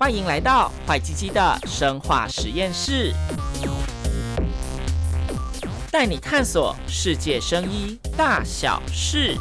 歡迎來到壞基基的生化實驗室，帶你探索世界生醫大小事。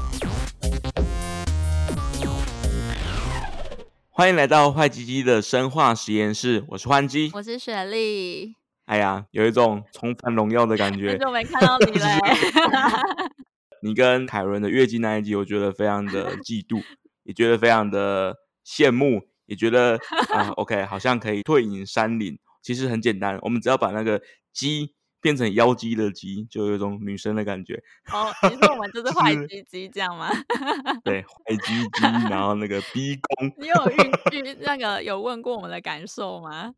歡迎來到壞基基的生化實驗室，我是壞基，我是雪莉。哎呀，有一種重返榮耀的感覺，好久 沒看到你了。 你跟凱倫的月經那一集，我覺得非常的嫉妒， 也覺得非常的羨慕。你覺得啊、呃、 ，OK，好像可以退隱山林。其實很簡單，我們只要把那個“雞”變成“妖姬”的“姬”，就有一種女生的感覺。哦，你說我們就是壞雞雞這樣嗎？對，壞雞雞，然後那個逼宮。 你有預知那個有問過我們的感受嗎？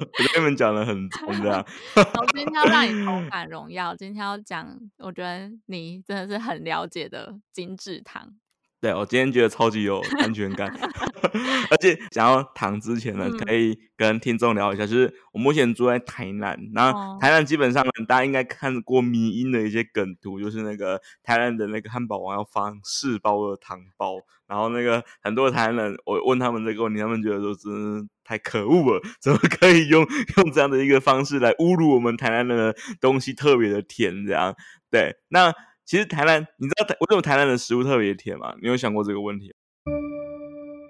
我跟你們講了很多。 我今天要讓你重返榮耀。今天要講，我覺得你真的是很了解的精緻糖。對，我今天覺得超級有安全感。 而且想要糖之前呢，可以跟聽眾聊一下，嗯、就是我目前住在台南，然後台南基本上呢，哦、大家應該看過迷因的一些梗圖，就是那個台南的那個漢堡王要發四包的糖包，然後那個很多台南人，我問他們這個問題，們他們覺得說真太可惡了，怎麼可以用，用這樣的一個方式來侮辱我們台南人的東西特別的甜這樣？對，那其實台南，你知道為什麼台南的食物特別甜嗎？你有想過這個問題？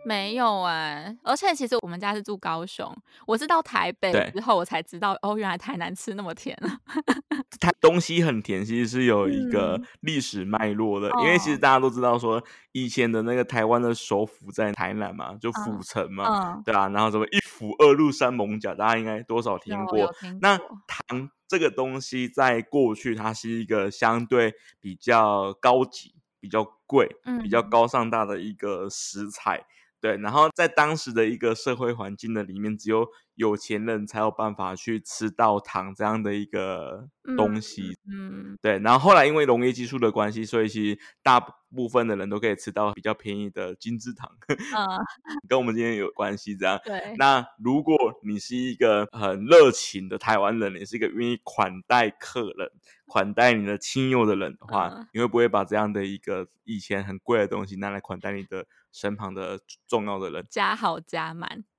沒有啊，而且其實我們家是住高雄，我是到台北之後我才知道，對哦，原來台南吃那麼甜啊。它 東西很甜，其實是有一個歷史脈絡的，嗯、因為其實大家都知道說，哦、以前的那個台灣的首府在台南嘛，就府城嘛，啊、對吧、啊？然後什麼一府二鹿三艋舺，大家應該多少聽過。嗯、那糖這個東西，在過去它是一個相對比較高級、比較貴、比較高尚大的一個食材。嗯對，然後在當時的一個社會環境的裡面，只有有錢人才有辦法去吃到糖這樣的一個東西，嗯，嗯對。然後後來因為農業技術的關係，所以其實大部分的人都可以吃到比較便宜的精緻糖。啊、嗯， 跟我們今天有關係這樣。對。那如果你是一個很熱情的台灣人，你是一個願意款待客人、款待你的親友的人的話，嗯、你會不會把這樣的一個以前很貴的東西拿來款待你的身旁的重要的人？加好加滿。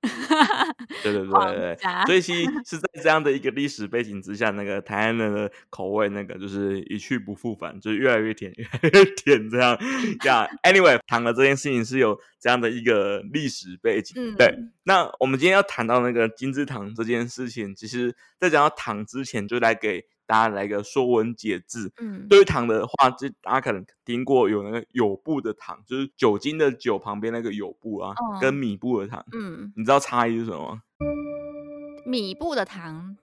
對，對對對對，假所以其實是在這樣的一個歷史背景之下，那個臺灣人的口味，那個就是一去不復返，就是越來越甜，越來越甜這樣。Yeah，Anyway，糖的這件事情是有這樣的一個歷史背景。嗯、對，那我們今天要談到那個精緻糖這件事情，其實在講到糖之前，就來給。大家來個說文解字。嗯，對糖的話，就大家可能聽過有那個酉部的醣，就是酒精的酒旁邊那個酉部啊，嗯、跟米部的糖。嗯，你知道差異是什麼？米部的糖，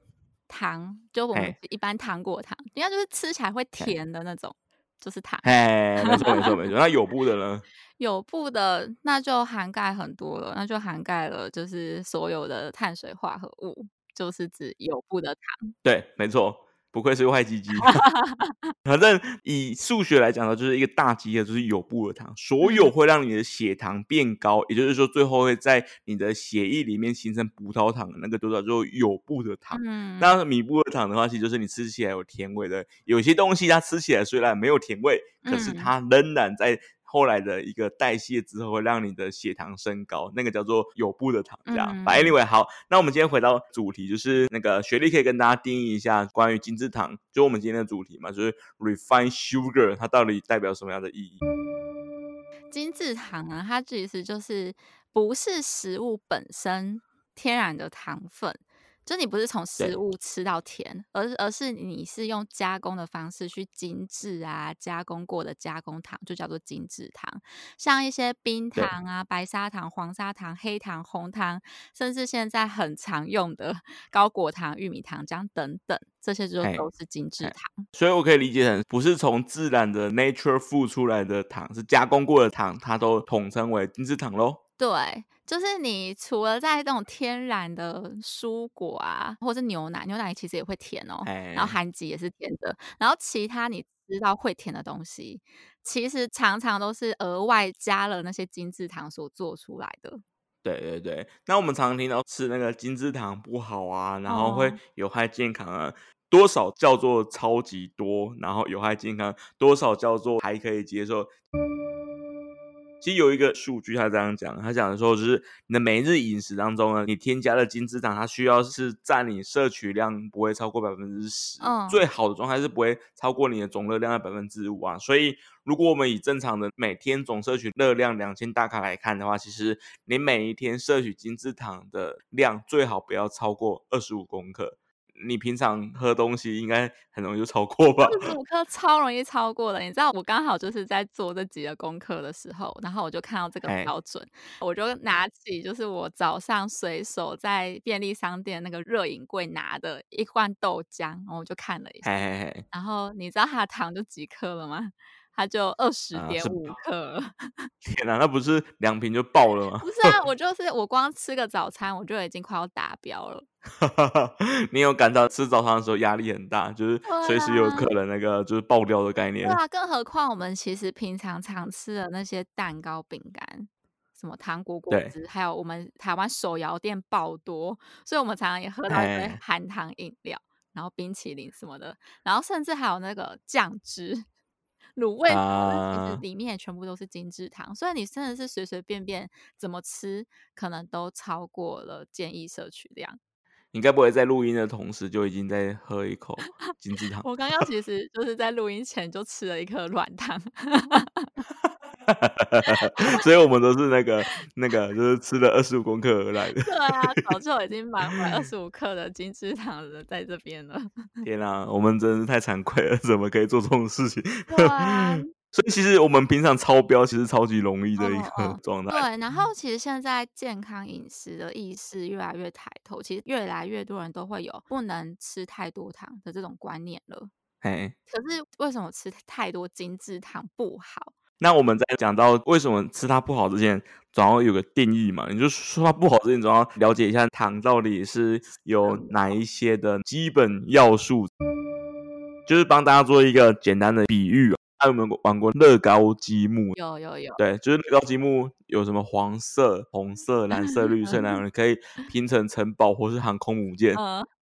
糖就我們一般糖果糖，應該嘿就是吃起來會甜的那種，嘿就是糖。哎，沒錯沒錯沒錯。 那酉部的呢？酉部的那就涵蓋很多了，那就涵蓋了就是所有的碳水化合物，就是指酉部的醣。對，沒錯。不愧是壞基基。 反正以數學來講呢，就是一個大積的，就是有布的糖，所有會讓你的血糖變高，嗯、也就是說，最後會在你的血液裡面形成葡萄糖，那個都叫做有布的糖。嗯、那米布的糖的話，其實就是你吃起來有甜味的。有些東西它吃起來雖然沒有甜味，可是它仍然在。後來的一個代謝之後會讓你的血糖升高，那個叫做有布的糖這樣。Anyway，好，那我們今天回到主題，就是那個雪莉可以跟大家定義一下關於精緻糖，就我們今天的主題嘛，就是 refined sugar，它到底代表什麼樣的意義？精緻糖呢、啊，它其實就是不是食物本身天然的糖分。就你不是從食物吃到甜，對而而是你是用加工的方式去精緻啊，加工過的加工糖就叫做精緻糖，像一些冰糖啊、對白砂糖、黃砂糖、黑糖、紅糖，甚至現在很常用的高果糖玉米糖漿等等，這些就都是精緻糖。Hey. Hey. 所以，我可以理解成，不是從自然的 nature 復出來的糖，是加工過的糖，它都統稱為精緻糖嘍？對。就是你除了在這種天然的蔬果啊，或者是牛奶，牛奶其實也會甜哦。欸、然後韓籍也是甜的，然後其他你知道會甜的東西，其實常常都是額外加了那些精緻糖所做出來的。對對對，那我們常常聽到吃那個精緻糖不好啊，然後會有害健康啊，多少叫做超級多，然後有害健康多少叫做還可以接受？其實有一個數據，他這樣講，他講的時候就是你的每日飲食當中呢，你添加的精緻糖，它需要是佔你攝取量不會超過百分之十，嗯、最好的狀態是不會超過你的總熱量的百分之五啊。所以，如果我們以正常的每天總攝取熱量兩千大卡來看的話，其實你每一天攝取精緻糖的量最好不要超過二十五公克。你平常喝東西應該很容易就超過吧？十五克超容易超過了。你知道我剛好就是在做這幾個功課的時候，然後我就看到這個標準，我就拿起就是我早上隨手在便利商店那個熱飲櫃拿的一罐豆漿，然後我就看了一下，然後你知道它糖就幾克了嗎？它就二十點五克。啊、天哪、啊！那不是兩瓶就爆了嗎？不是啊， 我就是我光吃個早餐，我就已經快要達標了。 你有感到吃早餐的時候壓力很大，就是隨時有可能那個就是爆掉的概念。那、啊啊、更何況我們其實平常常吃的那些蛋糕、餅乾、什麼糖果、果汁，對還有我們台灣手搖店爆多，所以我們常常也喝那些含糖飲料，哎、然後冰淇淋什麼的，然後甚至還有那個醬汁。滷味，呃，其實裡面全部都是精緻糖，所以你真的是隨隨便便怎麼吃，可能都超過了建議攝取量。你該不會在錄音的同時就已經在喝一口精緻糖？ 我剛剛其實就是在錄音前就吃了一顆軟糖。 所以，我們都是那個、 那個，就是吃了二十五公克而來的。 對啊，早就已經滿滿二十五克的精緻糖的在這邊了。天啊，我們真是太慚愧了，怎麼可以做這種事情？啊， 所以，其實我們平常超標其實超級容易的一個狀態，嗯。對，然後其實現在健康飲食的意識越來越抬頭，其實越來越多人都會有不能吃太多糖的這種觀念了。哎嘿，可是為什麼吃太多精致糖不好？那我們在講到為什麼吃它不好之前，總要有個定義嘛？你就說它不好之前，總要了解一下糖到底是有哪一些的基本要素，就是幫大家做一個簡單的比喻。大家有沒有玩過樂高積木？有有有。對，就是樂高積木有什麼黃色、紅色、藍色、綠色，那樣你可以拼成城堡或是航空母艦。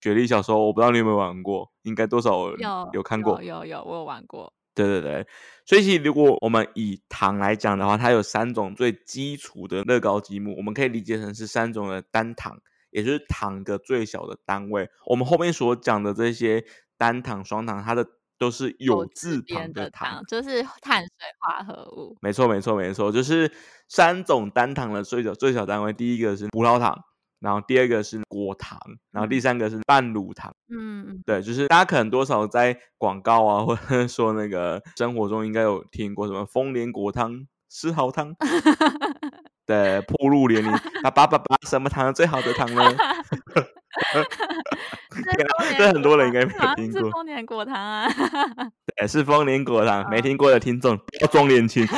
雪莉小時候，我不知道你有沒有玩過，應該多少有有看過。有有，有，我，我有玩過。對對對，所以其實如果我們以糖來講的話，它有三種最基礎的樂高積木，我們可以理解成是三種的單糖，也就是糖的最小的單位。我們後面所講的這些單糖、雙糖，它的都是有字邊的糖，有的糖，就是碳水化合物。沒錯，沒錯，沒錯，就是三種單糖的最小最小單位。第一個是葡萄糖。然後第二個是果糖，然後第三個是半乳糖。嗯對，就是大家可能多少在廣告啊，或者說那個生活中應該有聽過什麼豐年果糖、絲毫糖， 對，暴露年齡， 啊吧吧吧，什麼糖最好的糖呢？對，很多人應該沒有聽過，是豐年果糖啊。 對，是豐年果糖，沒聽過的聽眾不要裝年輕。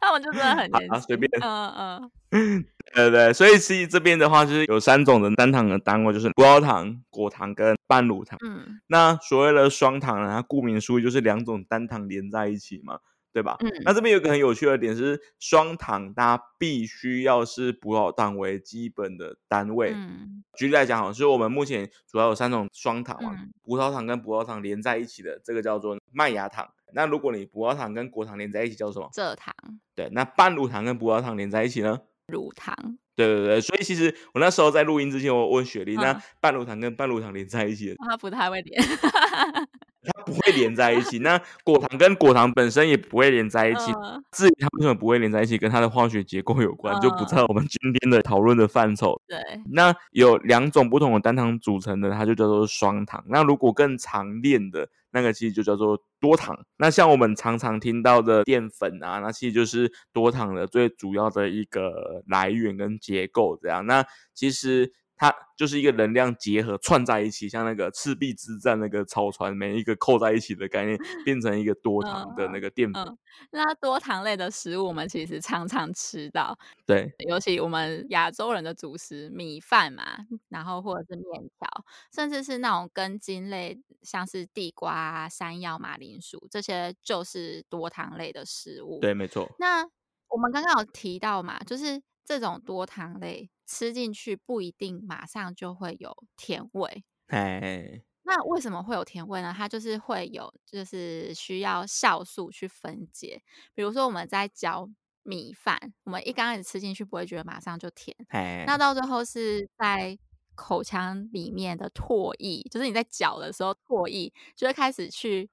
那我就真的很隨、啊、便，嗯嗯、呃，呃、 對對，對所以其實這邊的話就是有三種的單糖的單位，就是葡萄糖、果糖跟半乳糖。嗯，那所謂的雙糖呢，它顧名思義就是兩種單糖連在一起嘛，對吧？嗯，那這邊有一個很有趣的點是，雙糖它必須要是葡萄糖為基本的單位。嗯，舉例來講，好，是我們目前主要有三種雙糖嘛，啊，嗯、葡萄糖跟葡萄糖連在一起的，這個叫做麥芽糖。那如果你葡萄糖跟果糖連在一起叫什麼？蔗糖。對，那半乳糖跟葡萄糖連在一起呢？乳糖。對對對，所以其實我那時候在錄音之前，我問雪莉，嗯、那半乳糖跟半乳糖連在一起，它、哦、不太會連，它 不會連在一起。那果糖跟果糖本身也不會連在一起。至於它為什麼不會連在一起，跟它的化學結構有關，嗯、就不在我們今天的討論的範疇。嗯、對。那有兩種不同的單糖組成的，它就叫做雙糖。那如果更長鏈的。那個其實就叫做多糖，那像我們常常聽到的澱粉啊，那其實就是多糖的最主要的一個來源跟結構這樣。那其實。它就是一個能量結合串在一起，像那個赤壁之戰那個草船，每一個扣在一起的概念，變成一個多糖的那個澱粉。嗯嗯、那多糖類的食物，我們其實常常吃到，對，尤其我們亞洲人的主食米飯嘛，然後或者是麵條，甚至是那種根莖類，像是地瓜、啊、山藥、馬鈴薯，這些就是多糖類的食物。對，沒錯。那我們剛剛有提到嘛，就是。這種多糖類吃進去不一定馬上就會有甜味，哎，Hey. 那為什麼會有甜味呢？它就是會有，就是需要酵素去分解。比如說我們在嚼米飯，我們一剛開始吃進去不會覺得馬上就甜，Hey. 那到最後是在口腔裡面的唾液，就是你在嚼的時候唾液就會開始去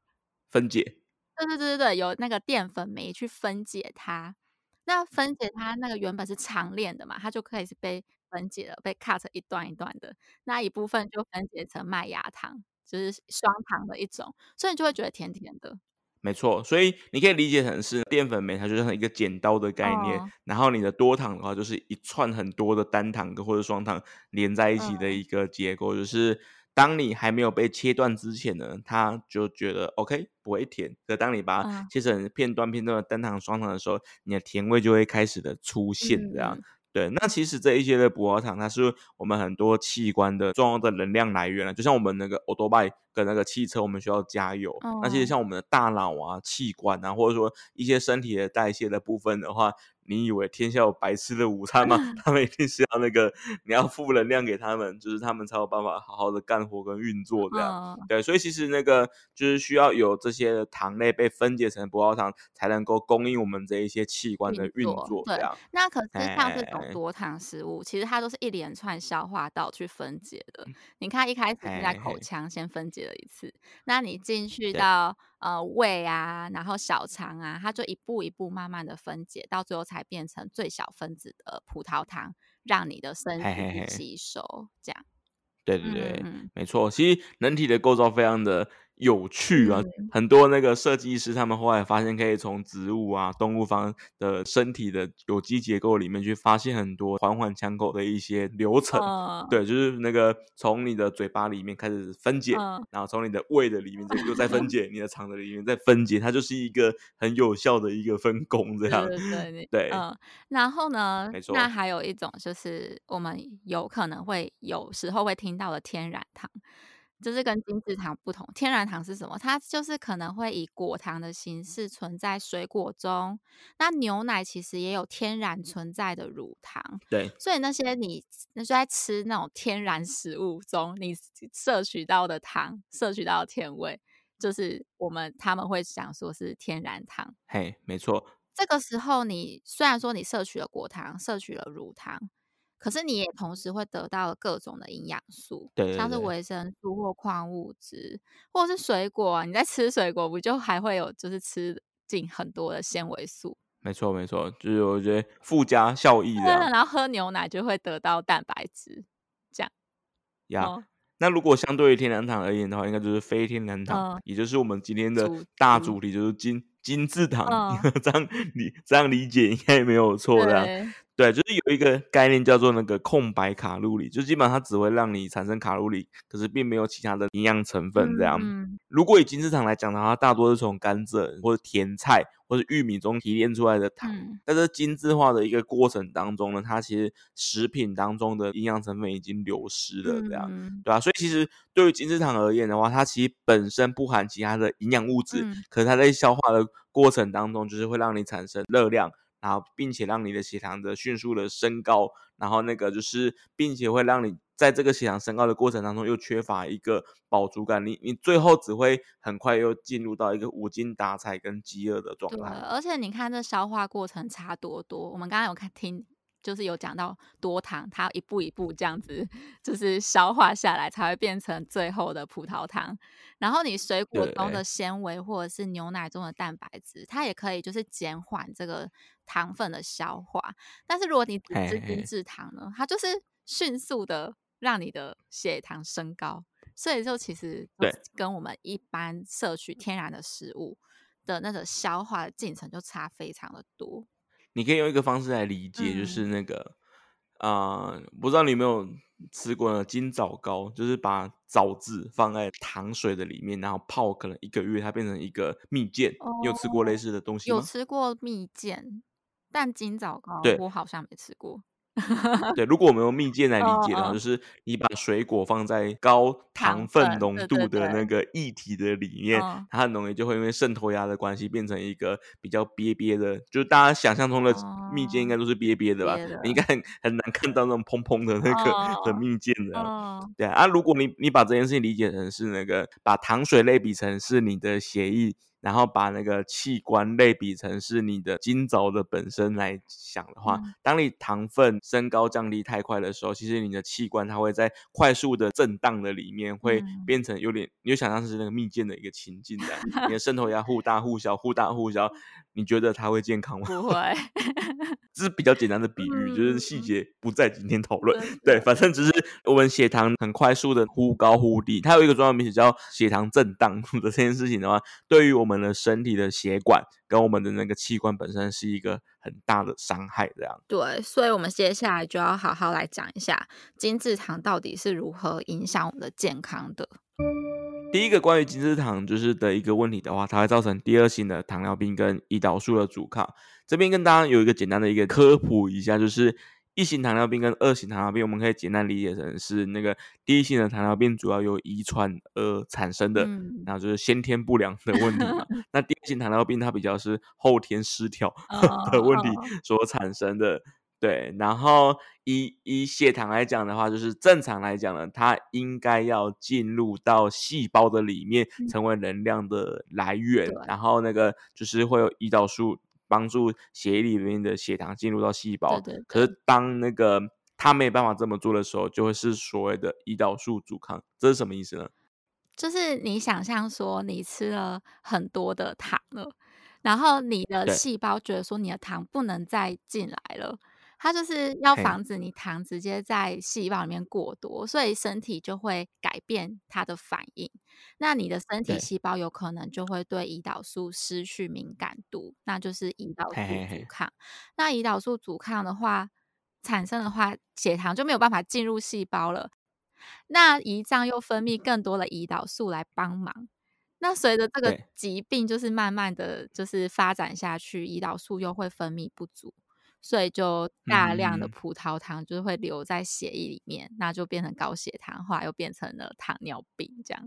分解。對對對對對，有那個澱粉酶去分解它。那分解它那個原本是長鏈的嘛，它就可以是被分解了，被 cut 成一段一段的，那一部分就分解成麥芽糖，就是雙糖的一種，所以你就會覺得甜甜的。沒錯，所以你可以理解成是澱粉酶，它就是一個剪刀的概念。嗯、然後你的多糖的話，就是一串很多的單糖跟或者雙糖連在一起的一個結構，嗯、就是。當你還沒有被切斷之前呢，他就覺得 OK 不會甜。可當你把它切成片段，片段的單糖、雙糖的時候，嗯、你的甜味就會開始的出現。這樣、嗯、對。那其實這一些的葡萄糖，它是我們很多器官的重要的能量來源了。就像我們那個歐兜拜跟那個汽車，我們需要加油。哦、那其實像我們的大腦啊、器官啊，或者說一些身體的代謝的部分的話。你以為天下有白吃的午餐嗎？ 他們一定是要那個，你要付能量給他們，就是他們才有辦法好好的幹活跟運作這樣。哦、對，所以其實那個就是需要有這些糖類被分解成葡萄糖，才能夠供應我們這一些器官的運作這樣。運作，對。那可是像這種多糖食物，嘿其實它都是一連串消化道去分解的。你看一開始在口腔先分解了一次，嘿嘿，那你進去到。呃，胃啊，然後小腸啊，它就一步一步慢慢的分解，到最後才變成最小分子的葡萄糖，讓你的身體吸收。嘿嘿嘿這樣，對對對，嗯、哼哼沒錯，其實人體的構造非常的。有趣啊！很多那個設計師，他們後來發現可以從植物啊、動物方的身體的有機結構裡面去發現很多環環相扣的一些流程。嗯、對，就是那個從你的嘴巴裡面開始分解，嗯、然後從你的胃的裡面又再分解，嗯、你的腸的裡面再分解，嗯、它就是一個很有效的一個分工。這樣的，對的 對，嗯，然後呢？沒錯。那還有一種就是我們有可能會有時候會聽到的天然糖。就是跟精製糖不同，天然糖是什麼？它就是可能會以果糖的形式存在水果中。那牛奶其實也有天然存在的乳糖。對，所以那些你你在吃那種天然食物中，你攝取到的糖，攝取到的甜味，就是我們他們會想說是天然糖。嘿，沒錯。這個時候你雖然說你攝取了果糖，攝取了乳糖。可是你也同時會得到各種的營養素，對對對，像是維生素或礦物質，或者是水果、啊。你在吃水果，不就還會有就是吃進很多的纖維素？沒錯，沒錯，就是我覺得附加效益的。然後喝牛奶就會得到蛋白質，這樣。呀，Yeah. oh. 那如果相對於天然糖而言的話，應該就是非天然糖，oh. 也就是我們今天的大主題就是精精緻糖。Oh. 這樣理、這樣理解應該也沒有錯的。對，就是有一個概念叫做那個空白卡路里，就基本上它只會讓你產生卡路里，可是並沒有其他的營養成分。這樣，嗯、如果以精緻糖來講的話，它大多是從甘蔗或者甜菜或者玉米中提煉出來的糖，在、嗯、這精製化的一個過程當中呢，它其實食品當中的營養成分已經流失了。這樣，嗯、對吧、啊。所以其實對於精緻糖而言的話，它其實本身不含其他的營養物質，嗯、可是它在消化的過程當中，就是會讓你產生熱量。然後，並且讓你的血糖的迅速的升高，然後那個就是，並且會讓你在這個血糖升高的過程當中又缺乏一個飽足感，你你最後只會很快又進入到一個無精打采跟飢餓的狀態。對，而且你看這消化過程差多多，我們剛剛有看聽。就是有講到多糖，它一步一步這樣子，就是消化下來才會變成最後的葡萄糖。然後你水果中的纖維或者是牛奶中的蛋白質，對對對，它也可以就是減緩這個糖分的消化。但是如果你只吃精緻糖呢，嘿嘿，它就是迅速的讓你的血糖升高，所以就其實跟我們一般攝取天然的食物的那個消化的進程就差非常的多。你可以用一個方式來理解，嗯、就是那個啊、呃，不知道你有沒有吃過呢，金棗糕，就是把棗子放在糖水的裡面，然後泡可能一個月，它變成一個蜜餞。你有、哦、吃過類似的東西嗎？有吃過蜜餞，但金棗糕我好像沒吃過。 對，如果我們用蜜餞來理解的話，哦、就是你把水果放在高糖分濃度的那個液體的裡面，對對對。嗯、它很容易就會因為滲透壓的關係變成一個比較憋憋的，就是大家想象中的蜜餞應該都是憋憋的吧？哦、你應該很難看到那種蓬蓬的那個的蜜餞的。哦、對啊，如果你你把這件事情理解成是那個把糖水類比成是你的血液。然後把那個器官類比成是你的筋軸的本身來想的話，嗯、當你糖分升高降低太快的時候，其實你的器官它會在快速的震盪的裡面會變成有點，嗯、你就想象是那個蜜餞的一個情境的、啊，你的滲透壓忽大忽小，忽 大忽小，你覺得它會健康嗎？不會。 這是比較簡單的比喻，就是細節不在今天討論。嗯、對，反正只是我們血糖很快速的忽高忽低，它有一個專業名詞叫血糖震盪的這件事情的話，對於我們。我們的身體的血管跟我們的那個器官本身是一個很大的傷害，這樣對，所以我們接下來就要好好來講一下，精緻糖到底是如何影響我們的健康的。第一個關於精緻糖就是的一個問題的話，它會造成第二型的糖尿病跟胰島素的阻抗。這邊跟大家有一個簡單的一個科普一下，就是。一型糖尿病跟二型糖尿病，我們可以簡單理解成是那個第一型的糖尿病主要由遺傳而產生的，然後、嗯、就是先天不良的問題嘛。 那第二型糖尿病它比較是後天失調 的問題所產生的。哦哦、對，然後以以血糖來講的話，就是正常來講呢，它應該要進入到細胞的裡面成為能量的來源，嗯、然後那個就是會有胰島素。幫助血液裡面的血糖進入到細胞。對對對。可是當那個它沒有辦法這麼做的時候，就會是所謂的胰島素阻抗。這是什麼意思呢？就是你想象說你吃了很多的糖了，然後你的細胞覺得說你的糖不能再進來了。它就是要防止你糖直接在細胞裡面過多，Hey. 所以身體就會改變它的反應。那你的身體細胞有可能就會對胰島素失去敏感度，Hey. 那就是胰島素阻抗。Hey. 那胰島素阻抗的話，產生的話，血糖就沒有辦法進入細胞了。那胰臟又分泌更多的胰島素來幫忙。那隨着這個疾病就是慢慢的就是發展下去，Hey. 胰島素又會分泌不足。所以就大量的葡萄糖就是會留在血液裡面，嗯、那就變成高血糖化，又變成了糖尿病這樣。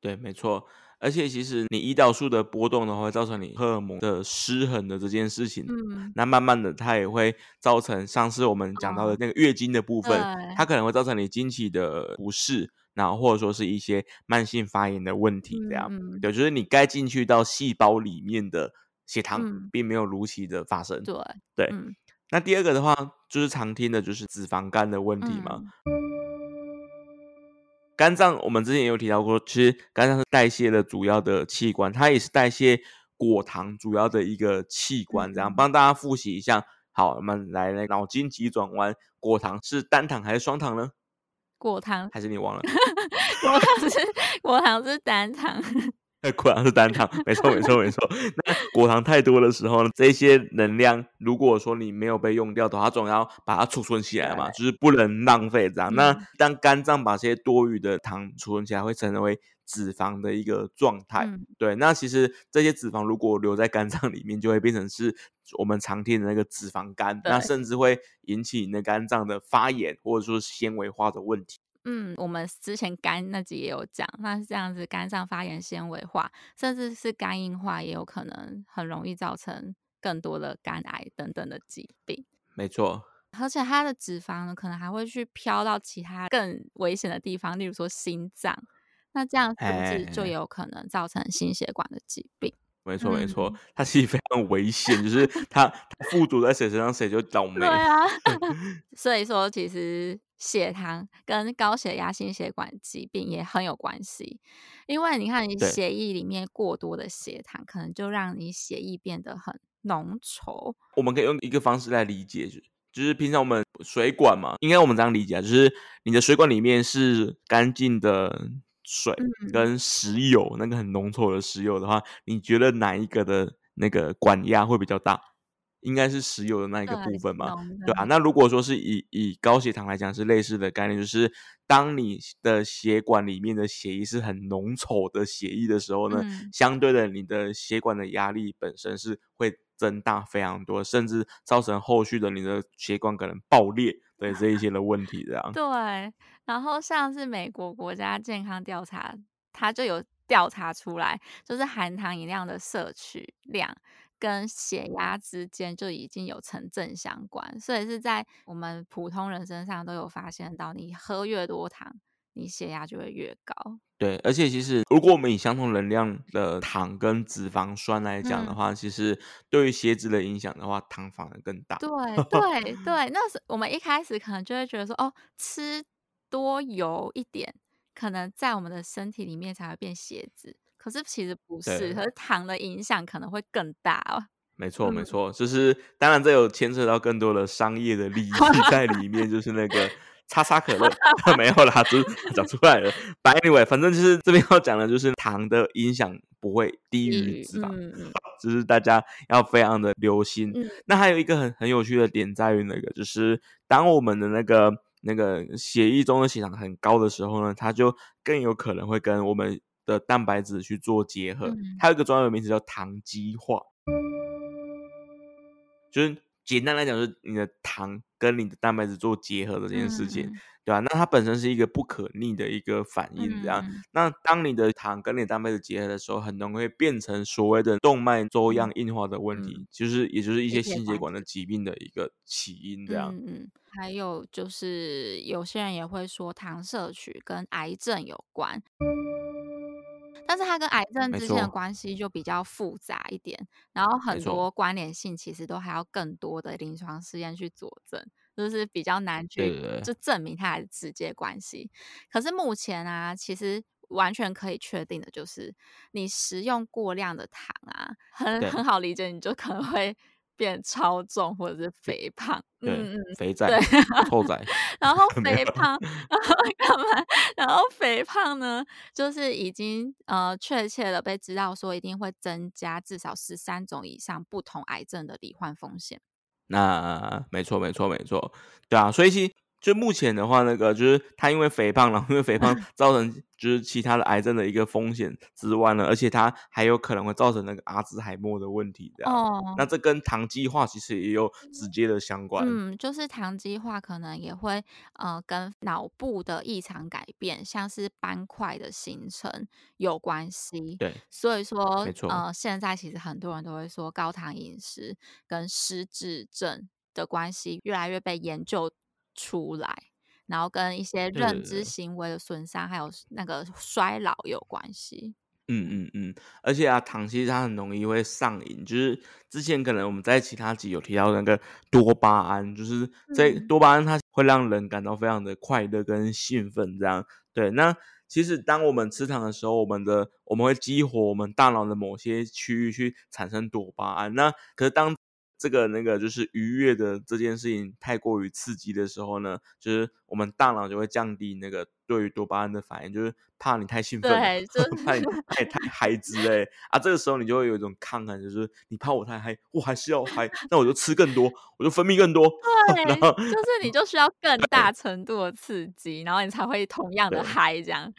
對，沒錯。而且其實你胰島素的波動的話，會造成你荷爾蒙的失衡的這件事情。嗯、那慢慢的，它也會造成像是我們講到的那個月經的部分，嗯、它可能會造成你經期的不適，然後或者說是一些慢性發炎的問題這樣。嗯嗯、對，就是你該進去到細胞裡面的血糖，嗯、並沒有如期的發生。對，對、嗯。那第二個的話，就是常聽的，就是脂肪肝的問題嘛。嗯、肝臟我們之前也有提到過，其實肝臟是代謝的主要的器官，它也是代謝果糖主要的一個器官。這樣幫大家複習一下，好，我們來來腦筋急轉彎，果糖是單糖還是雙糖呢？果糖還是你忘了？果糖是果糖是單糖。果然是單糖，沒錯，沒錯，沒錯。那 果糖太多的時候呢，這些能量如果說你沒有被用掉的話，它總要把它儲存起來嘛，對就是不能浪費這樣。嗯、那當肝臟把這些多餘的糖儲存起來，會成為脂肪的一個狀態。嗯、對，那其實這些脂肪如果留在肝臟裡面，就會變成是我們常聽的那個脂肪肝，對那甚至會引起你的肝臟的發炎，或者說纖維化的問題。嗯，我們之前肝那集也有講，那這樣子肝上發炎、纖維化，甚至是肝硬化，也有可能很容易造成更多的肝癌等等的疾病。沒錯錯，而且它的脂肪呢，可能還會去飄到其他更危險的地方，例如說心臟，那這樣子就也有可能造成心血管的疾病。沒錯，沒錯，它其實非常危險，嗯、就是它附著在誰身上，誰就倒霉。對啊， 所以說其實。血糖跟高血壓、心血管疾病也很有關係，因為你看你血液裡面過多的血糖，對可能就讓你血液變得很濃稠。我們可以用一個方式來理解，就是平常我們水管嘛，應該我們這樣理解，就是你的水管裡面是乾淨的水，跟石油、嗯、那個很濃稠的石油的話，你覺得哪一個的那個管壓會比較大？應該是石油的那一個部分嘛，對，對啊，那如果說是以以高血糖來講，是類似的概念，就是當你的血管裡面的血液是很濃稠的血液的時候呢，嗯、相對的，你的血管的壓力本身是會增大非常多，甚至造成後續的你的血管可能爆裂，對這一些的問題這樣。對，然後像是美國國家健康調查，它就有調查出來，就是含糖飲料的攝取量。跟血壓之間就已經有成正相關，所以是在我們普通人身上都有發現到，你喝越多糖，你血壓就會越高。對，而且其實如果我們以相同能量的糖跟脂肪酸來講的話，嗯、其實對於血脂的影響的話，糖反而更大。對 對對，那是我們一開始可能就會覺得說，哦，吃多油一點，可能在我們的身體裡面才會變血脂。可是其實不是，對可是糖的影響可能會更大哦。沒錯沒錯，就是當然這有牽涉到更多的商業的利益在裡面， 就是那個叉叉可樂 沒有啦，就是講出來了。但 anyway，反正就是這邊要講的，就是糖的影響不會低於脂肪，嗯、就是大家要非常的留心。嗯、那還有一個很很有趣的點在於那個，就是當我們的那個那個血液中的血糖很高的時候呢，它就更有可能會跟我們。的蛋白質去做結合，嗯、它有一個專業的名詞叫糖基化，就是簡單來講，就是你的糖跟你的蛋白質做結合的這件事情，嗯、對吧、啊？那它本身是一個不可逆的一個反應，這樣。嗯、那當你的糖跟你的蛋白質結合的時候，很容易變成所謂的動脈粥樣硬化的問題，嗯、就是也就是一些心血管的疾病的一個起因，這樣。嗯。還有就是有些人也會說糖攝取跟癌症有關。但是它跟癌症之間的關係就比較複雜一點，錯然後很多關聯性其實都還要更多的臨床試驗去佐證，錯就是比較難去的就證明它還是直接關係。可是目前啊，其實完全可以確定的就是，你食用過量的糖啊，很對很好理解，你就可能會。變超重或者是肥胖，嗯，肥仔，對，臭仔，然後肥胖，沒有 然後幹嘛？ 然後肥胖呢，就是已經呃確切的被知道說一定會增加至少十三種以上不同癌症的罹患風險。那沒錯，沒錯，沒錯，對啊，所以。其就目前的話，那個就是他因為肥胖了，因為肥胖造成就是其他的癌症的一個風險之外呢，嗯，而且他還有可能會造成那個阿茲海默的問題這樣。哦，那這跟糖基化其實也有直接的相關。嗯，就是糖基化可能也會呃跟腦部的異常改變，像是斑塊的形成有關係。對，所以說沒錯。呃，現在其實很多人都會說高糖飲食跟失智症的關係越來越被研究。出來，然後跟一些認知行為的損傷，的還有那個衰老有關係。嗯嗯嗯，而且啊，糖其實它很容易會上癮，就是之前可能我們在其他集有提到那個多巴胺，就是這、嗯、多巴胺它會讓人感到非常的快樂跟興奮，這樣對。那其實當我們吃糖的時候，我們的我們會激活我們大腦的某些區域去產生多巴胺，那可是當這個那個就是愉悅的這件事情太過於刺激的時候呢，就是我們大腦就會降低那個對於多巴胺的反應，就是怕你太興奮，對就是、怕你太 太嗨之類啊，這個時候你就會有一種抗衡，就是你怕我太嗨，我還是要嗨，那我就吃更多， 我就分泌更多，對，後就是你就需要更大程度的刺激，對然後你才會同樣的嗨這樣，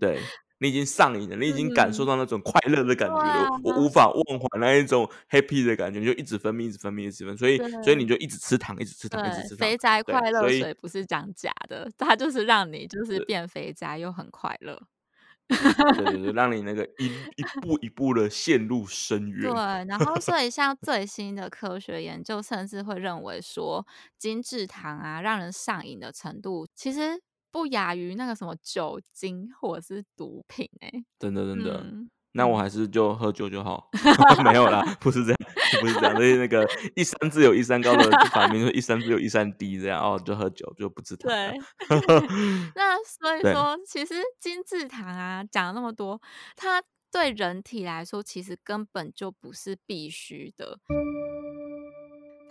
對。對你已經上癮了，你已經感受到那種快樂的感覺，嗯啊、我無法忘懷那一種 happy 的感覺，就一直分泌，一直分泌，一直分泌，所以，對所以你就一直吃糖，一直吃糖，一直吃糖。肥宅快樂水不是講假的，對以它就是讓你就是變肥宅又很快樂，對，對，對， 讓你那個一一步一步的陷入深淵。對，然後所以像最新的科學研究，甚至會認為說，精緻糖啊，讓人上癮的程度其實，不亞於那個什麼酒精或者是毒品。哎、欸，真的真的，嗯、那我還是就喝酒就好， 沒有啦。不是這樣，不是這樣，所以 那個一山只有一山高的反面說一山只有一山低這樣 哦，就喝酒就不知道。 對，那所以說對其實精緻糖啊講了那麼多，它對人體來說其實根本就不是必須的。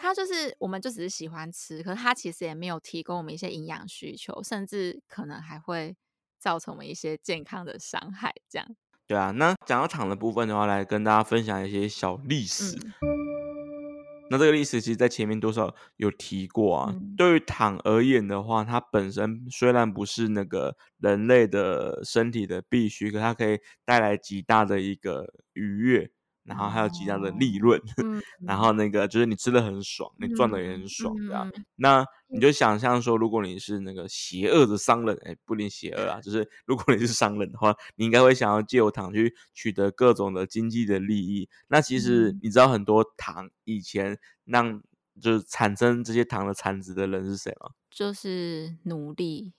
它就是，我們就只是喜歡吃，可是它其實也沒有提供我們一些營養需求，甚至可能還會造成我們一些健康的傷害。這樣，對啊。那講到糖的部分的話，來跟大家分享一些小歷史。嗯、那這個歷史其實，在前面多少有提過啊。嗯、對於糖而言的話，它本身雖然不是那個人類的身體的必需，可它可以帶來極大的一個愉悅。然後還有極大的利潤，嗯、 然後那個就是你吃的很爽，嗯、你賺的也很爽，對吧？那你就想象說，如果你是那個邪惡的商人，哎，不能邪惡啊，就是如果你是商人的話，你應該會想要借由糖去取得各種的經濟的利益。那其實你知道很多糖以前讓就是產生這些糖的產值的人是誰嗎？就是奴隸，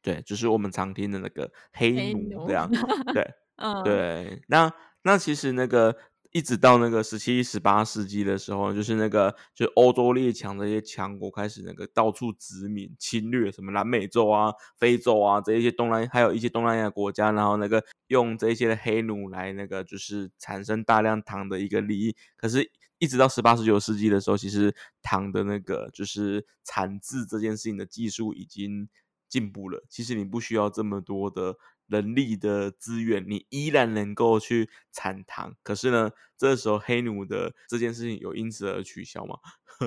對，就是我們常聽的那個黑奴這樣黑奴 對嗯對，那。那其實那個一直到那個十七、十八世紀的時候，就是那個就歐洲列強這些強國開始那個到處殖民侵略，什麼南美洲啊、非洲啊這些東南，還有一些東南亞國家，然後那個用這些黑奴來那個就是產生大量糖的一個利益。可是，一直到十八、十九世紀的時候，其實糖的那個就是產制這件事情的技術已經進步了，其實你不需要這麼多的。人力的資源，你依然能夠去產糖，可是呢，這個、時候黑奴的這件事情有因此而取消嗎？呵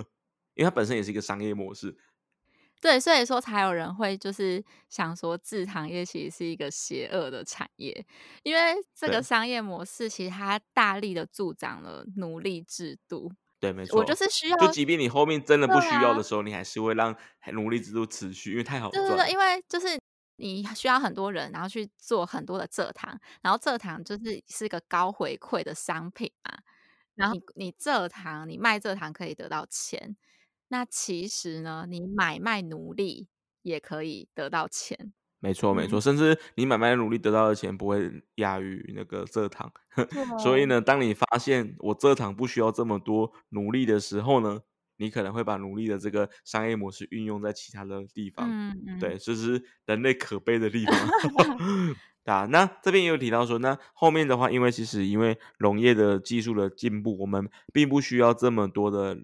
因為它本身也是一個商業模式，對，所以說才有人會就是想說制糖業其實是一個邪惡的產業，因為這個商業模式其實它大力的助長了奴隸制度。對，沒錯，我就是需要，就即便你後面真的不需要的時候，啊、你還是會讓奴隸制度持續，因為太好賺，因為就是。你需要很多人，然後去做很多的蔗糖，然後蔗糖就是是一個高回饋的商品嘛。然後你蔗糖，你賣蔗糖可以得到錢。那其實呢，你買賣奴隸也可以得到錢。沒錯、嗯、沒錯，甚至你買賣奴隸得到的錢不會亞於那個蔗糖。 哦、所以呢，當你發現我蔗糖不需要這麼多努力的時候呢，你可能會把奴隸的這個商業模式運用在其他的地方，嗯、對，就、嗯、是人類可悲的地方。 啊，那這邊也有提到說，那後面的話，因為其實因為農業的技術的進步，我們並不需要這麼多的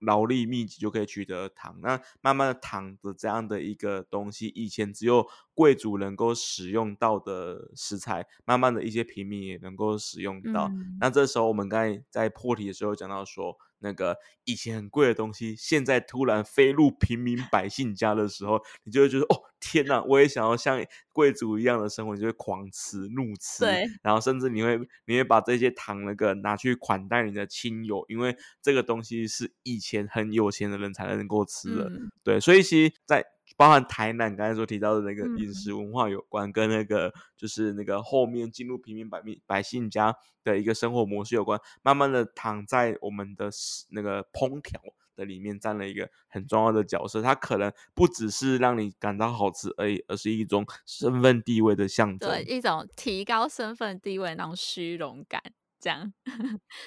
勞力密集就可以取得糖。那慢慢的，糖的這樣的一個東西，以前只有貴族能夠使用到的食材，慢慢的一些平民也能夠使用到。嗯、那這時候，我們剛在破題的時候有講到說。那個以前很貴的東西，現在突然飛入平民百姓家的時候，你就會覺得哦，天哪、啊！我也想要像貴族一樣的生活，你就會狂吃怒吃，對然後甚至你會，你會把這些糖那個拿去款待你的親友，因為這個東西是以前很有錢的人才能夠吃的，嗯、對，所以其實在。包含台南你剛才所提到的那個飲食文化有關，嗯、跟那個就是那個後面進入平民百民百姓家的一個生活模式有關，慢慢的躺在我們的那個烹調的裡面，佔了一個很重要的角色。它可能不只是讓你感到好吃而已，而是一種身份地位的象徵，對，一種提高身份地位那種虛榮感。這樣，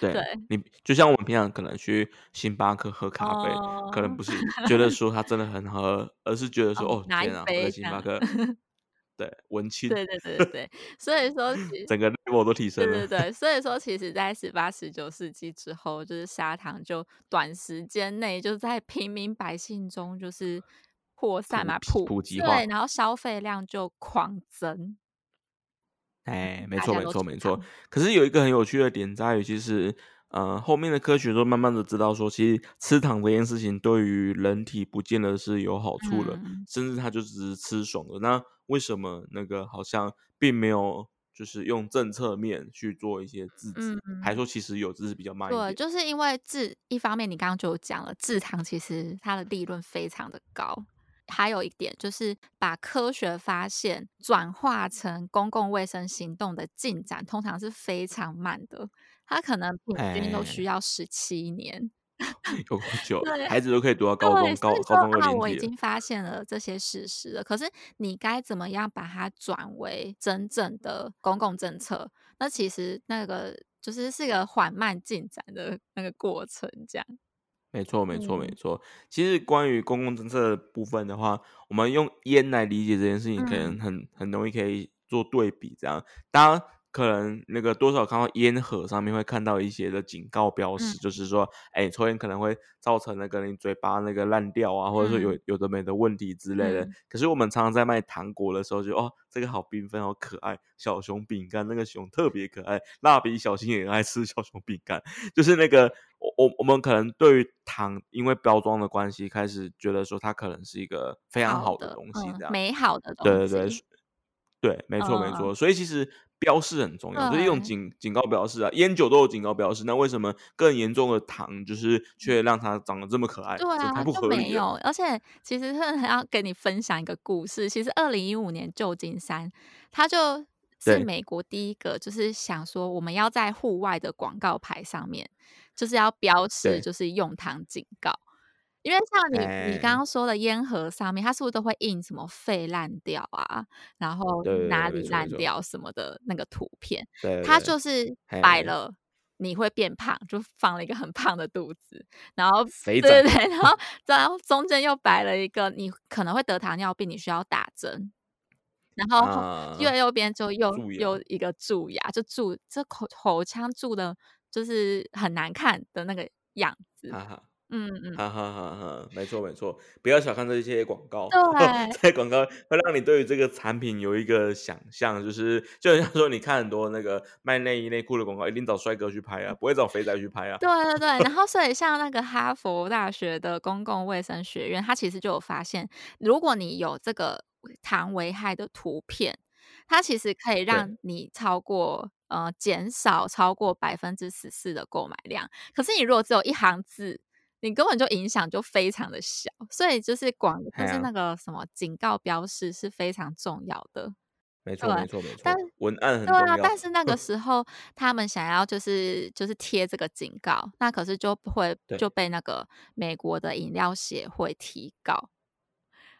對，你就像我們平常可能去星巴克喝咖啡，可能不是覺得說它真的很好喝，而是覺得說哦，拿一杯星巴克。對，文青。對對對對，所以說整個 level 都提升了。對對對，所以說其實在十八十九世紀之後，就是砂糖就短時間內就在平民百姓中就是擴散嘛，普普及化，然後消費量就狂增。哎唉，沒錯沒錯沒錯。可是有一個很有趣的點在於，其實呃，後面的科學都慢慢的知道說，其實吃糖這件事情對於人體不見得是有好處的，嗯、甚至它就只是吃爽了。那為什麼那個好像並沒有就是用政策面去做一些制止，嗯、還說其實有只是比較慢一點。對，就是因為制一方面，你剛剛就講了制糖其實它的利潤非常的高。還有一點就是，把科學發現轉化成公共衛生行動的進展，通常是非常慢的。它可能平均都需要十七年，有好久。孩子都可以讀到高中，對高對，啊，高中二年級了。我已經發現了這些事實了，可是你該怎麼樣把它轉為真正的公共政策？那其實那個就是是一個緩慢進展的那個過程，這樣。沒錯，沒錯，沒錯。其實關於公共政策的部分的話，我們用煙來理解這件事情，可能很很容易可以做對比，這樣。當可能那個多少看到煙盒上面會看到一些的警告標識，嗯、就是說，哎、欸，抽煙可能會造成那個你嘴巴那個爛掉啊，嗯、或者說有有的沒的問題之類的。嗯、可是我們常常在賣糖果的時候就，就、嗯、哦，這個好繽紛，好可愛，小熊餅乾，那個熊特別可愛，蠟筆小新也愛吃小熊餅乾， 就是那個我我我們可能對於糖，因為包裝的關係，開始覺得說它可能是一個非常好的東西的、嗯，美好的東西，對對對。對，沒錯，沒錯、嗯。所以其實標示很重要，嗯、就是用警警告標示啊，嗯、菸酒都有警告標示，那為什麼更嚴重的糖就是卻讓它長得這麼可愛？嗯、啊對啊，不合理。沒有，而且其實還要跟你分享一個故事。其實二零一五年舊金山，它就是美國第一個，就是想說我們要在戶外的廣告牌上面，就是要標示，就是用糖警告。因為像你你剛剛說的菸盒上面，嘿它是不是都會印什麼肺爛掉啊？然後哪裡爛掉什麼的那個圖片？對，對，對，對，它就是擺了你會變胖，就放了一個很胖的肚子。然後肥腸對對對，然後然後中間又擺了一個你可能會得糖尿病，你需要打針。然後右、啊、右邊就又又牙一個蛀牙，就蛀這口口腔蛀的，就是很難看的那個樣子。哈哈嗯嗯，哈哈哈，好，沒錯沒錯，不要小看這些廣告，對哎、 這些廣告會讓你對於這個產品有一個想象，就是就像說，你看很多那個賣內衣內褲的廣告，一定找帥哥去拍啊，不會找肥仔去拍啊。對對對， 然後所以像那個哈佛大學的公共衛生學院，它其實就有發現，如果你有這個糖危害的圖片，它其實可以讓你超過呃減少超過百分之十四的購買量。可是你如果只有一行字。你根本就影響就非常的小，所以就是廣，就是那個什麼警告標示是非常重要的，啊、對沒錯沒錯沒錯。但文案很重要，對啊，但是那個時候他們想要就是 就是貼這個警告，那可是就不會就被那個美國的飲料協會提告。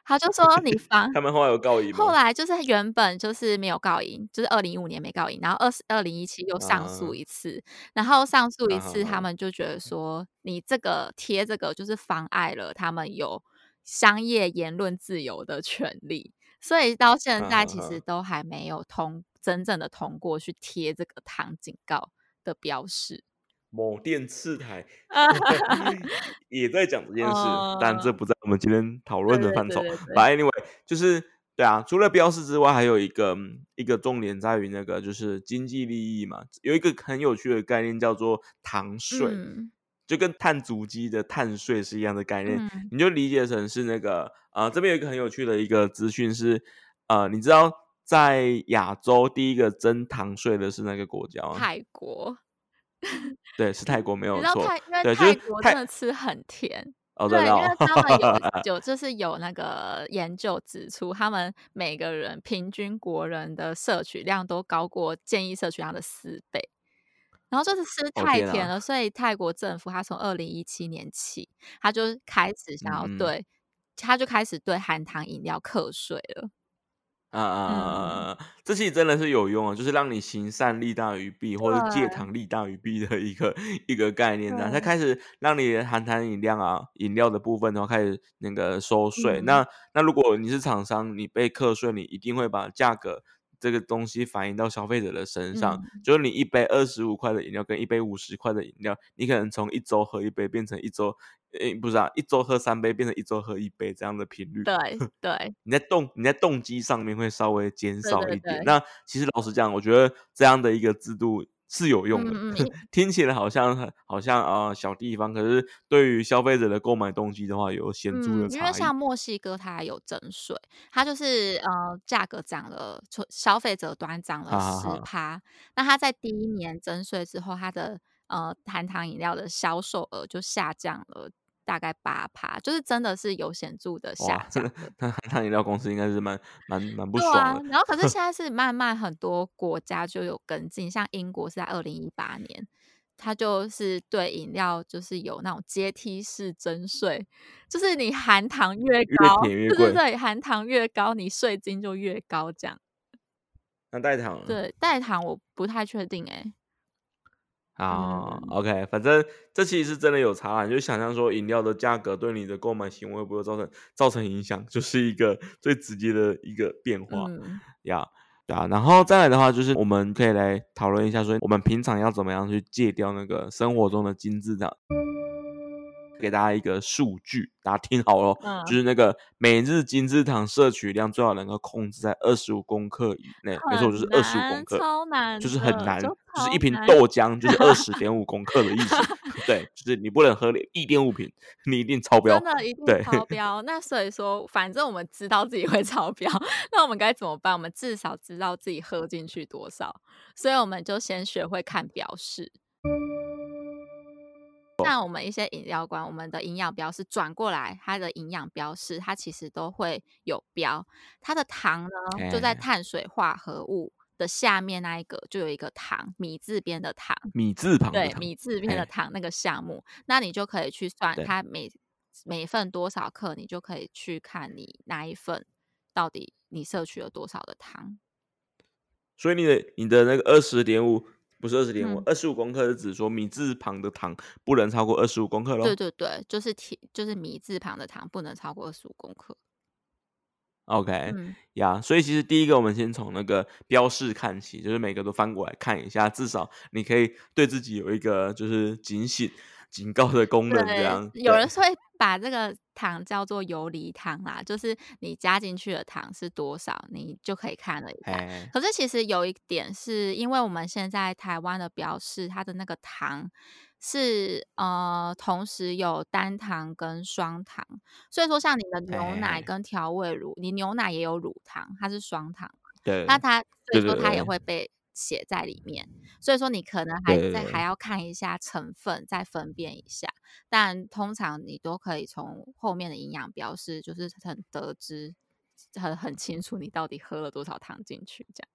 他就說你妨，他們後來有告贏嗎？後來就是原本就是沒有告贏，就是二零一五年沒告贏，然後二零一七又上訴一次，啊、然後上訴一次，他們就覺得說你這個貼這個就是妨礙了他們有商業言論自由的權利，所以到現在其實都還沒有通、啊、真正的通過去貼這個糖警告的標識。某電視台 也在講這件事， 但這不在我們今天討論的範疇。反正、哦、Anyway，就是對啊，除了標示之外，還有一個一個重點在於那個就是經濟利益嘛。有一個很有趣的概念叫做糖稅，嗯、就跟碳足跡的碳稅是一樣的概念。嗯、你就理解成是那個啊、呃，這邊有一個很有趣的一個資訊是、呃、你知道在亞洲第一個徵糖稅的是哪個國家？泰國。 對，是泰國沒有錯，你知道，因為泰國真的吃很甜。哦，對，對，因為他們有， 有就是有那個研究指出，他們每個人平均國人的攝取量都高過建議攝取量的四倍。然後就是吃太甜了，okay、了所以泰國政府他從二零一七年起，他就開始想要對，嗯、他就開始對含糖飲料課稅了。啊啊啊！呃嗯、這些真的是有用啊，就是讓你行善利大於弊，或者戒糖利大於弊的一個對一個概念。那它開始讓你含糖飲料啊，飲料的部分的話開始那個收稅。嗯、那那如果你是廠商，你被課稅，你一定會把價格。這個東西反映到消費者的身上，嗯、就是你一杯二十五塊的飲料跟一杯五十塊的飲料，你可能從一周喝一杯變成一周，誒、呃，不是啊，一周喝三杯變成一周喝一杯這樣的頻率。對對，對 你在動你在動機上面會稍微減少一點。對對對，那其實老實講，我覺得這樣的一個制度，是有用的。嗯嗯嗯，聽起來好像好像啊、呃、小地方，可是對於消費者的購買動機的話有顯著的差異。嗯、因為像墨西哥，它有增稅，它就是呃價格漲了，從消費者端漲了十趴。哈哈哈哈，那它在第一年增稅之後，它的呃含糖飲料的銷售額就下降了。大概八趴，就是真的是有顯著的下降的。哇，真的，那含糖飲料公司應該是蠻蠻蠻不爽的。啊、然後，可是現在是慢慢很多國家就有跟進， 像英國是在二零一八年，它就是對飲料就是有那種階梯式徵稅，就是你含糖越高，對對對，含糖越高，你稅金就越高這樣。那代糖？對，代糖我不太確定哎、欸。啊、uh，OK，反正這其實是真的有差了，啊，你就想象說飲料的價格對你的購買行為不會造成造成影響，就是一個最直接的一個變化呀，啊、嗯，yeah, 然後再來的話就是我們可以來討論一下，說我們平常要怎麼樣去戒掉那個生活中的精致這樣。給大家一個數據，大家聽好嘍，嗯、就是那個每日精緻糖攝取量最好能夠控制在二十五公克以內。難沒錯，就是二十五公克，超難，就是很難，就，難就是一瓶豆漿就是二十點五公克的意思。 對，就是你不能喝一點五瓶，你一定超標，真的一定超標。對 那所以說，反正我們知道自己會超標，那我們該怎麼辦？我們至少知道自己喝進去多少，所以我們就先學會看標示。像我們一些飲料罐，我們的營養標示轉過來，它的營養標示，它其實都會有標。它的糖呢，就在碳水化合物的下面那一個，欸、就有一個糖米字邊的糖，米字旁對米字邊的糖那個項目，欸、那你就可以去算對它每每份多少克，你就可以去看你那一份到底你攝取了多少的糖。所以你的你的那個二十點五。不是二十克，二十五公克是指說米字旁的糖不能超過二十五公克嘍？對對對，就是甜，就是米字旁的糖不能超過二十五公克。OK，呀、嗯，yeah, 所以其實第一個，我們先從那個標示看起，就是每個都翻過來看一下，至少你可以對自己有一個就是警醒。警告的功能對這樣，有人會把這個糖叫做游離糖啦，就是你加進去的糖是多少，你就可以看了一下。欸、可是其實有一點是，因為我們現在台灣的標示，它的那個糖是呃，同時有單糖跟雙糖，所以說像你的牛奶跟調味乳，欸、你牛奶也有乳糖，它是雙糖，對，那它所以說它也會被對對對。寫在裡面，所以說你可能還在還要看一下成分，對對對，再分辨一下。但通常你都可以從後面的營養標示，就是很得知很很清楚你到底喝了多少糖進去。這樣，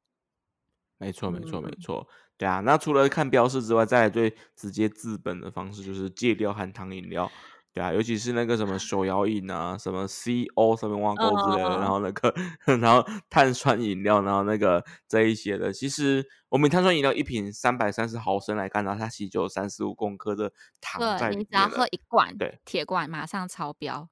沒錯沒錯沒錯，沒錯沒錯嗯、對啊。那除了看標示之外，再來最直接治本的方式就是戒掉含糖飲料。對啊，尤其是那個什麼手搖飲啊，嗯、什麼 CO 上面挖溝之類的，嗯嗯嗯，然後那個，然後碳酸飲料，然後那個這一些的，其實我們碳酸飲料一瓶三百三十毫升來干，然後它其實就有三十五公克的糖在裡頭。對，你只要喝一罐，對，鐵罐馬上超標，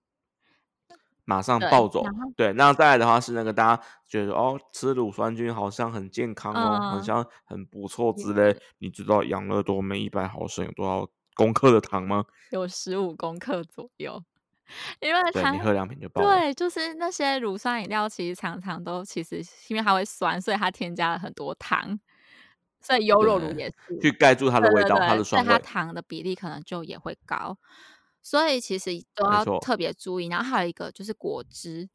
馬上暴走。對，那再來的話是那個大家覺得哦，吃乳酸菌好像很健康哦，嗯嗯好像很不錯之類。嗯、你知道養樂多每一百毫升有多少？公克的糖嗎？有十五公克左右，因為它你喝兩瓶就爆。對，就是那些乳酸飲料，其實常常都其實因為它會酸，所以它添加了很多糖，所以優酪乳也是對對對，去蓋住它的味道，它的酸，對對對，所以它糖的比例可能就也會高。所以其實都要特別注意。錯然後還有一個就是果汁，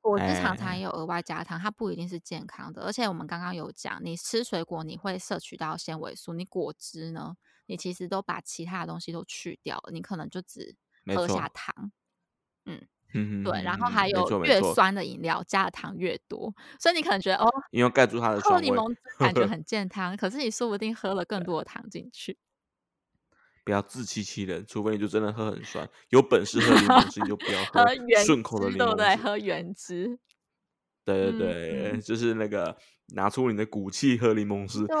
果汁常常有額外加糖，欸、它不一定是健康的。而且我們剛剛有講，你吃水果你會攝取到纖維素，你果汁呢？你其實都把其他的東西都去掉了，你可能就只喝下糖。沒錯。嗯，嗯，對。然後還有越酸的飲料，嗯嗯、加的糖越多，所以你可能覺得哦，因為蓋住它的時候，喝檸檬，感覺很健康。 可是你說不定喝了更多的糖進去。不要自欺欺人，除非你就真的喝很酸，有本事喝檸檬汁你 就不要喝原汁，對，喝原汁。對對對，嗯、就是那個拿出你的骨氣喝檸檬汁。對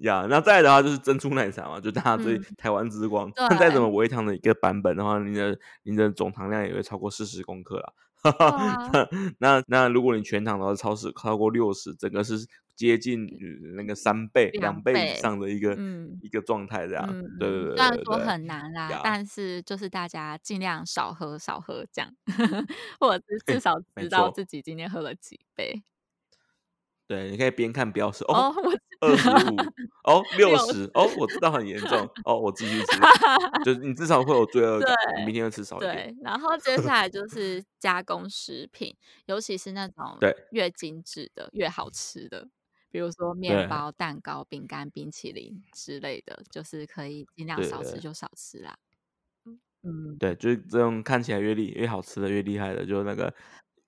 呀，那再的話就是珍珠奶茶嘛，就大家對台灣之光，嗯、再怎麼微糖的一個版本的話，你的你的總糖量也會超過四十公克啦。哈 啊， 那那如果你全糖的話超，超時超過六十，整個是，接近那個三倍、兩倍以上的一個一個狀態，這樣。對對對，雖然說很難啦，但是就是大家盡量少喝，少喝這樣，或者是至少知道自己今天喝了幾杯。對，你可以邊看標示哦，二十五哦，六十哦，我知道很嚴重哦，我繼續吃，就是你至少會有罪惡感，你明天要吃少一點。對。然後接下來就是加工食品，尤其是那種對越精緻的、越好吃的。比如說麵包、蛋糕、餅乾、冰淇淋之類的，對就是可以盡量少吃就少吃啦。對對對嗯，對，就是這種看起來越厲越好吃的越厲害的，就是那個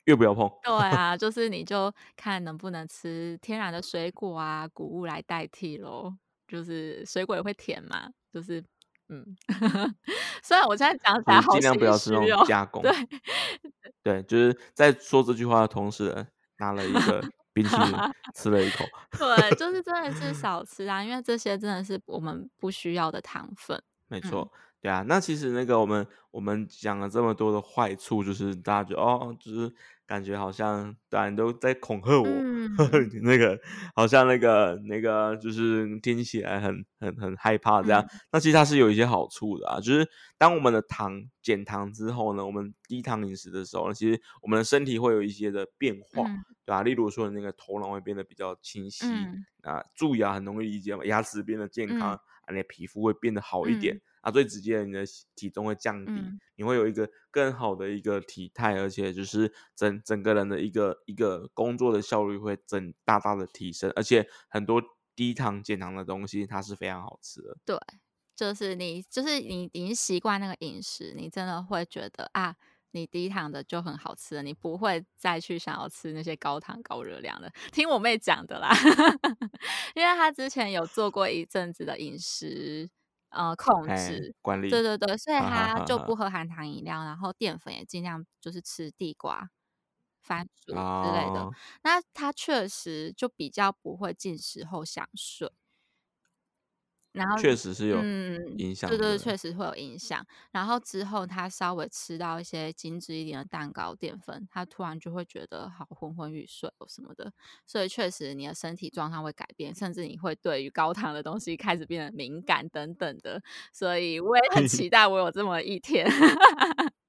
越不要碰。對啊，就是你就看能不能吃天然的水果啊、穀物來代替嘍。就是水果也會甜嘛，就是嗯。 雖然我現在講起來好心虛喔。盡量不要吃這種加工。 對對，就是在說這句話的同時，拿了一個。 冰淇淋吃了一口， 對，就是真的是少吃啊， 因為這些真的是我們不需要的糖分。沒錯錯，嗯、對啊，那其實那個我們我們講了這麼多的壞處，就是大家覺得哦，就是。感覺好像對啊，你都在恐嚇我，嗯、 你那個好像那個那個就是聽起來很很很害怕這樣。嗯、那其實它是有一些好處的啊，就是當我們的糖減糖之後呢，我們低糖飲食的時候呢，其實我們的身體會有一些的變化，嗯、對吧、啊？例如說你那個頭腦會變得比較清晰、嗯、啊，蛀牙、啊、很容易理解嘛，牙齒變得健康、嗯、啊，你的皮膚會變得好一點。嗯啊，最直接的，你的體重會降低，嗯，你會有一個更好的一個體態，而且就是整整個人的一個一個工作的效率會增大大的提升，而且很多低糖減糖的東西，它是非常好吃的。對，就是你，就是你，已經習慣那個飲食，你真的會覺得啊，你低糖的就很好吃的，你不會再去想要吃那些高糖高熱量的。聽我妹講的啦， 因為她之前有做過一陣子的飲食。呃，控制管理，對對對，所以他就不喝含糖飲料，啊啊啊啊然後澱粉也盡量就是吃地瓜、番薯之類的。哦、那他確實就比較不會進食後想睡。然後，確實是有嗯，影響，對對，確實會有影響。嗯、然後之後，他稍微吃到一些精致一點的蛋糕、澱粉，他突然就會覺得好昏昏欲睡哦什麼的。所以確實，你的身體狀態會改變，甚至你會對於高糖的東西開始變得敏感等等的。所以我也很期待我有這麼一天。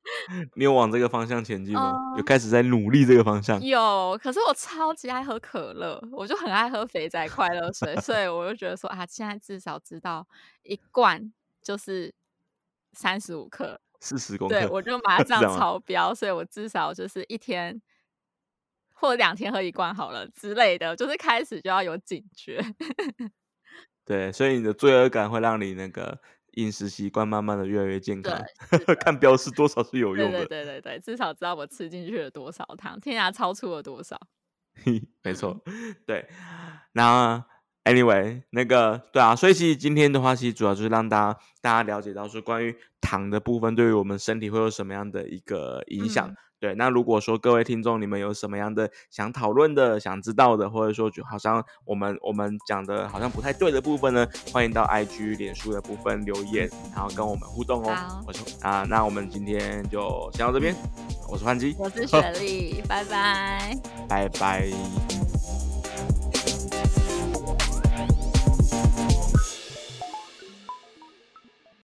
你有往這個方向前進嗎？呃、有開始在努力這個方向？有，可是我超級愛喝可樂，我就很愛喝肥宅快樂水， 所以我就覺得說啊，現在至少知道一罐就是三十五克，四十公克，對我就把它這樣超標， 嗎所以我至少就是一天或兩天喝一罐好了之類的，就是開始就要有警覺。 對，所以你的罪惡感會讓你那個。飲食習慣慢慢的越來越健康， 看標示多少是有用的，對對對對，至少知道我吃進去了多少糖，天涯超出了多少，呵呵沒錯，嗯、對。那 anyway，那個對啊，所以其實今天的話，其實主要就是讓大家大家了解到，說關於糖的部分，對於我們身體會有什麼樣的一個影響。嗯對，那如果說各位聽眾，你們有什麼樣的想討論的、想知道的，或者說就好像我們我們講的好像不太對的部分呢？歡迎到 IG、臉書的部分留言，然後跟我們互動哦。好我說啊。那我們今天就先到這邊。我是潘基，我是雪莉，呵拜拜，拜拜。